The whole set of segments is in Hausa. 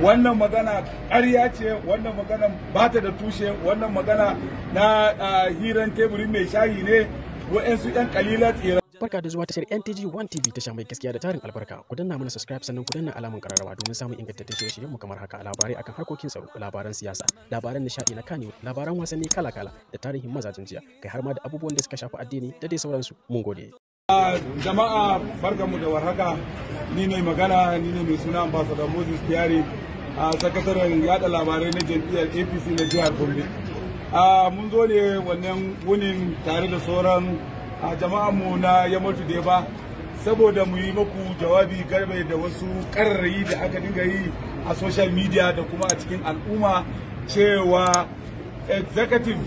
wannan magana ƙarya ce wannan magana ba ta da tushe wannan magana na hiran teburi mai shayi ne su 'yan kalilan tsira. Barka da zuwa tashar NTG One TV ta mai gaskiya da tarin albarka. Ku danna mana subscribe sannan ku danna alamun kararrawa domin samun ingantattun shirye-shiryenmu kamar haka labarai akan harkokin tsaro, labaran siyasa, labaran nishadi na kanewa, labaran wasanni kala-kala da tarihin mazajen jiya, kai har ma da abubuwan da suka shafi addini da dai sauransu. Mun gode. Jama'a barkamu da warhaka. ni ne magana ni ne mai suna ambassador moses kyari a sakataren yada labarai na jam'iyyar apc na jihar gombe mun zo ne wannan wunin tare da sauran jama'anmu na yamatu da ba saboda mu yi maku jawabi garbe da wasu kararrayi da aka dinga yi a social media da kuma a cikin al'umma cewa executive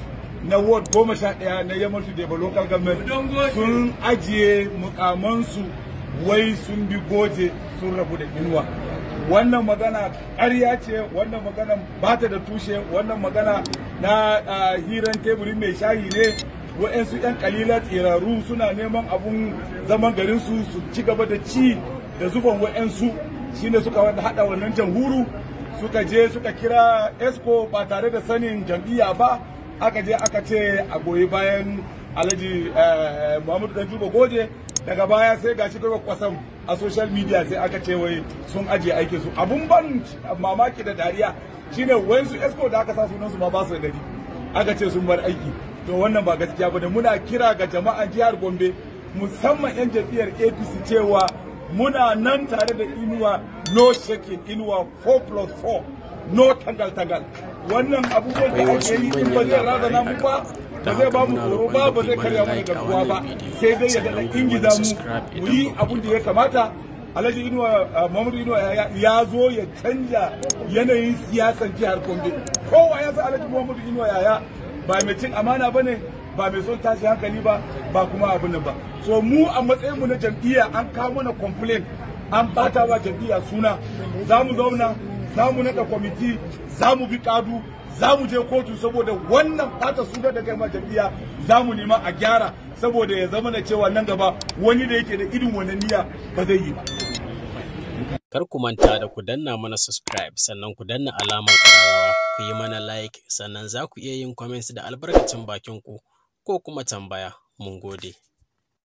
na ward goma sha ɗaya na yamatu da local government sun ajiye mukamansu wai sun bi goje sun rabu da inuwa wannan magana ƙarya ce wannan magana ba ta da tushe wannan magana na hiran teburi mai shayi ne wa'yansu 'yan kalila tsiraru suna neman abun zaman garinsu su ci gaba da ci da zufan wa'yansu shine suka hada wannan jamhuru suka je suka kira Esko ba tare da sanin jam'iyya ba aka je aka ce a goyi bayan alhaji eh, muhammadu danjuba goje daga baya sai gashi kawai kwasan a social media sai aka ce wai sun ajiye aikin su abun ban mamaki da dariya shine wayan su esco da aka sa sunan su ma ba su da dari aka ce sun bar aiki to wannan ba gaskiya bane muna kira ga jama'an jihar Gombe musamman yan jam'iyyar APC cewa muna nan tare da inuwa no sakin inuwa four plus four no tangal-tangal wannan abubuwan da ake yi in ba zai razana mu ba ba zai ba mu tsoro ba ba zai karya mana garkuwa ba sai dai ya daɗa ingiza mu mu yi abin da ya kamata alhaji inuwa mamadu inuwa ya zo ya canja yanayin siyasar jihar gombe kowa ya san alhaji mamadu inuwa uh, yaya ba mai cin amana ba ne ba mai son tashi hankali ba ba kuma abin nan ba so mu a matsayin mu na jam'iyya an kawo mana complain an bata wa jam'iyya suna za mu zauna za mu naɗa kwamiti za mu bi kadu za mu je kotu saboda wannan bata suna da kai ma jam'iyya za mu nema a gyara saboda ya zama na cewa nan gaba wani da yake da irin wani niyya ba zai yi ba. Kar ku manta da ku danna mana subscribe sannan ku danna alamar ƙararrawa ku yi mana like sannan za ku iya yin comments da albarkacin bakin ku ko kuma tambaya mun gode.